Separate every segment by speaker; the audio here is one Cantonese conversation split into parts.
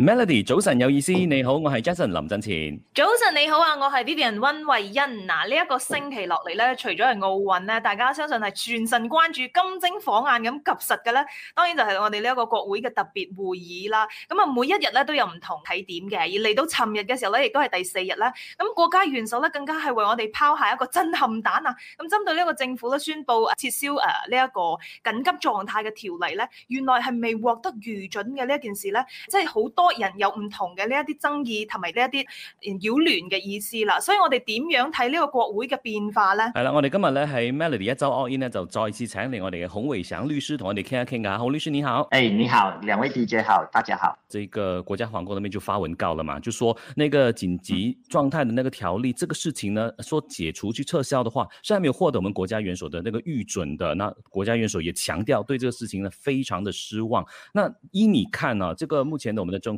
Speaker 1: Melody，早晨有意思，你好，我係 Jason 林振前。
Speaker 2: 早晨你好啊，我係 Vivian 溫慧欣。嗱，呢一個星期落嚟咧，除咗係奧運咧，大家相信係全神關注、金睛火眼咁及實嘅咧。當然就係我哋呢一個國會嘅特別會議啦。咁啊，每一日咧都有唔同睇點嘅，而嚟到尋日嘅時候咧，亦都係第四日啦。咁國家元首咧更加係為我哋拋下一個震撼彈啊！咁針對呢一個政府咧宣布撤銷誒呢一個緊急狀態嘅條例咧，原來係未獲得御准嘅呢一件事咧，即係好多。人有唔同嘅呢一啲爭議同埋呢一啲擾亂嘅意思啦，所以我哋點樣睇呢個國會嘅變化呢？
Speaker 1: 係啦，我哋今日咧喺 Melody 一早 all in 咧，就再一次請嚟我哋嘅洪偉祥律師同我哋傾下傾噶，洪律師你好。誒、哎，你好，兩位 DJ 好，大家好。這個國家皇宮那邊就發文告啦嘛，就說那個緊急狀態的那個條例，這個事情呢，說解除去撤銷的話，雖然沒有獲得我們國家元首的那個預准的，那國家元首也強調對這個事情呢，非常的失望。那依你看啊，這個目前的我們的政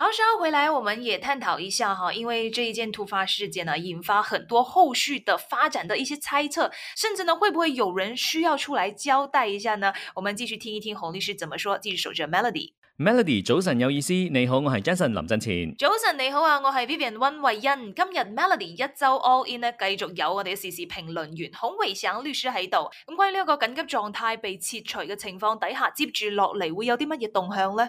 Speaker 2: 好，稍後回來，我們也探討一下哈，因為這一件突發事件呢，引發很多後續的發展的一些猜測，甚至呢，會不會有人需要出來交代一下呢？我們繼續聽一聽洪律師怎麼說。繼續守住 Melody。
Speaker 1: Melody，早晨有意思，你好，我係 Jason 林振前。
Speaker 2: 早晨你好啊，我係 Vivian 溫慧欣。今日 Melody 一周 All In 呢，繼續有我哋嘅時事評論員洪偉祥律師喺度。咁關於呢一個緊急狀態被撤除嘅情況底下，接住落嚟會有啲乜嘢動向呢？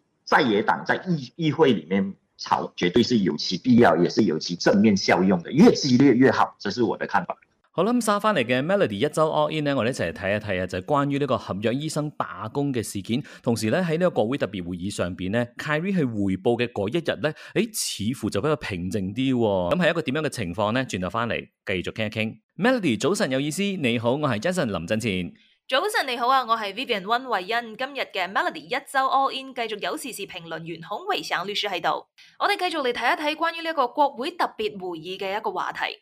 Speaker 3: 在野黨在議議會裡面吵，絕對是有其必要，也是有其正面效用的。越激烈越好，這是我的看法。
Speaker 1: 好啦，咁、嗯、收翻嚟嘅 Melody，一周 all in 咧，我哋一齊嚟睇一睇啊，就係關於呢個合約醫生罷工嘅事件。同時咧，喺呢個國會特別會議上邊咧，Kerry 去回報嘅嗰一日咧，誒似乎就比較平靜啲喎。咁係一個點樣嘅情況咧？轉頭翻嚟繼續傾一傾。Melody，早晨有意思，你好，我係 Jason 林振前。
Speaker 2: 早晨你好啊，我係 Vivian 溫慧欣，今日嘅 Melody 一周 All In 繼續有時事事評論員孔維祥律師喺度，我哋繼續嚟睇一睇關於呢個國會特別會議嘅一個話題。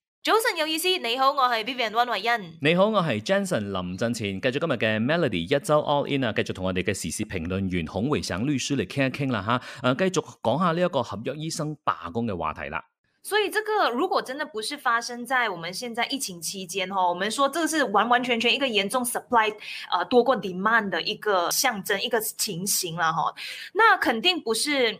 Speaker 2: 早晨有意思，你好，我是 Vivian 温慧欣。
Speaker 1: 你好，我是 Jenson 林振前。繼續今日嘅 Melody 一周 All In 啊，繼續同我哋嘅時事評論員孔維祥律師嚟傾一傾啦吓。誒、啊，繼續講下呢一個合約醫生罷工嘅話題啦。
Speaker 2: 所以，這個如果真的不是發生在我們現在疫情期間，哈，我們說這是完完全全一個嚴重 supply 啊、呃、多過 demand 的一個象徵一個情形啦，哈，那肯定不是。